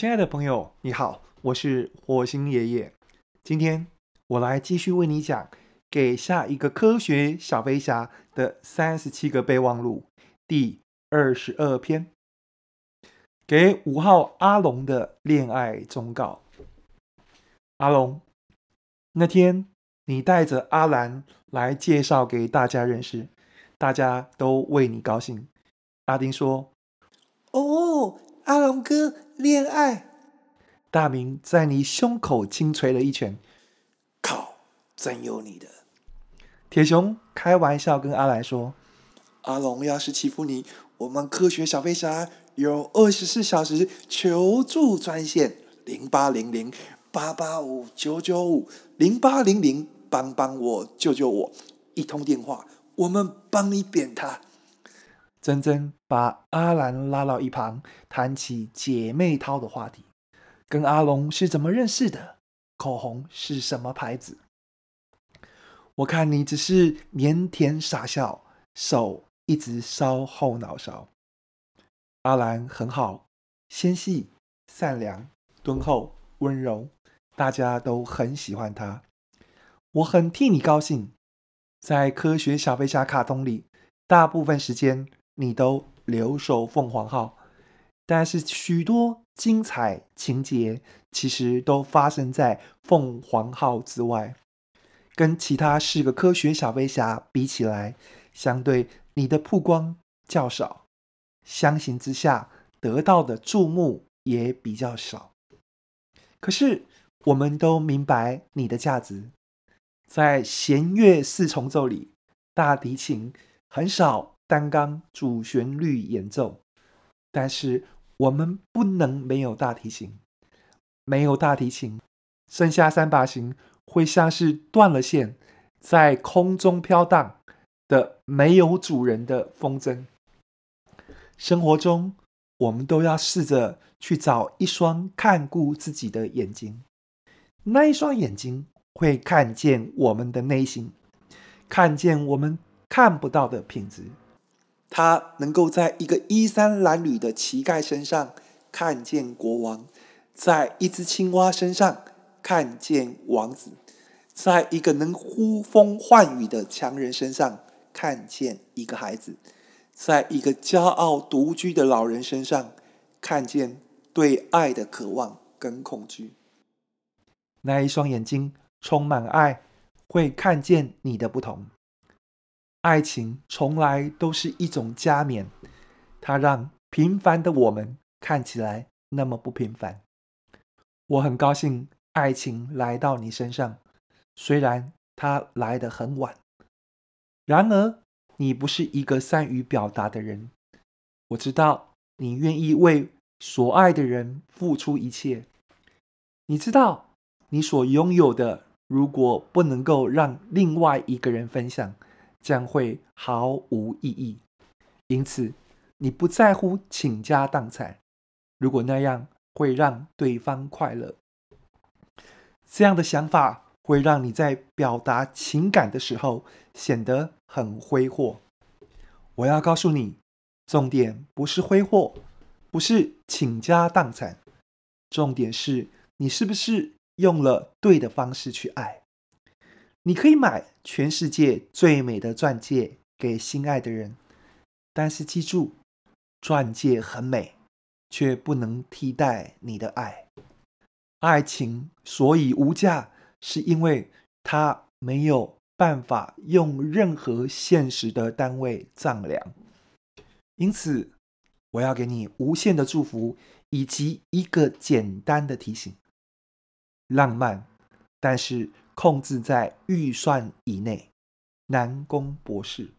親愛的朋友，你好，我是火星爺爺。今天我來繼續為你講《給下一個科學小飛俠的三十七個備忘錄》第二十二篇，《給五號阿龍的戀愛忠告》。阿龍，那天你帶着阿蘭來介紹給大家認識，大家都為你高興。阿丁說：“哦。”阿龍哥戀愛，大明在你胸口輕捶了一拳。靠，真有你的！鐵雄開玩笑跟阿來說：“阿龍要是欺負你，我們科學小飛俠有二十四小時求助專線零八零零八八五九九五零八零零，幫幫我，救救我！一通電話，我們幫你扁他。”珍珍。把阿蘭拉到一旁，談起姐妹淘的話題。跟阿龍是怎麼認識的？口紅是什麼牌子？我看你只是靦腆傻笑，手一直搔後腦勺。阿蘭很好，纖細、善良、敦厚、溫柔，大家都很喜歡她。我很替你高興。在《科學小飛俠》卡通裡，大部分時間你都留守鳳凰號，但是許多精彩情節其實都發生在鳳凰號之外，跟其他四個科學小飛俠比起來，相對你的曝光較少，相形之下得到的注目也比較少。可是我們都明白你的價值，在絃樂四重奏裡，大提琴很少，擔綱主旋律演奏，但是我們不能沒有大提琴。沒有大提琴，剩下三把琴會像是斷了線，在空中飄盪的沒有主人的風箏。生活中，我們都要試着去找一雙看顧自己的眼睛，那一雙眼睛會看見我們的內心，看見我們看不到的品質。他能夠在一個衣衫襤褸的乞丐身上看見國王，在一隻青蛙身上看見王子，在一個能呼風喚雨的強人身上看見一個孩子，在一個驕傲獨居的老人身上看見對愛的渴望跟恐懼。那一雙眼睛充滿愛，會看見你的不同。愛情從來都是一種加冕，它讓平凡的我們看起來那麼不平凡。我很高興愛情來到你身上，雖然它來得很晚。然而，你不是一個善於表達的人，我知道你願意為所愛的人付出一切。你知道你所擁有的，如果不能夠讓另外一個人分享。將會毫無意義。因此，你不在乎傾家蕩產，如果那樣會讓對方快樂。這樣的想法會讓你在表達情感的時候顯得很揮霍。我要告訴你，重點不是揮霍，不是傾家蕩產，重點是你是不是用了對的方式去愛？你可以買全世界最美的鑽戒給心愛的人，但是記住，鑽戒很美，卻不能替代你的愛。愛情所以無價，是因為它沒有辦法用任何現實的單位丈量。因此，我要給你無限的祝福，以及一個簡單的提醒：浪漫，但是，控制在預算以內，南宮博士。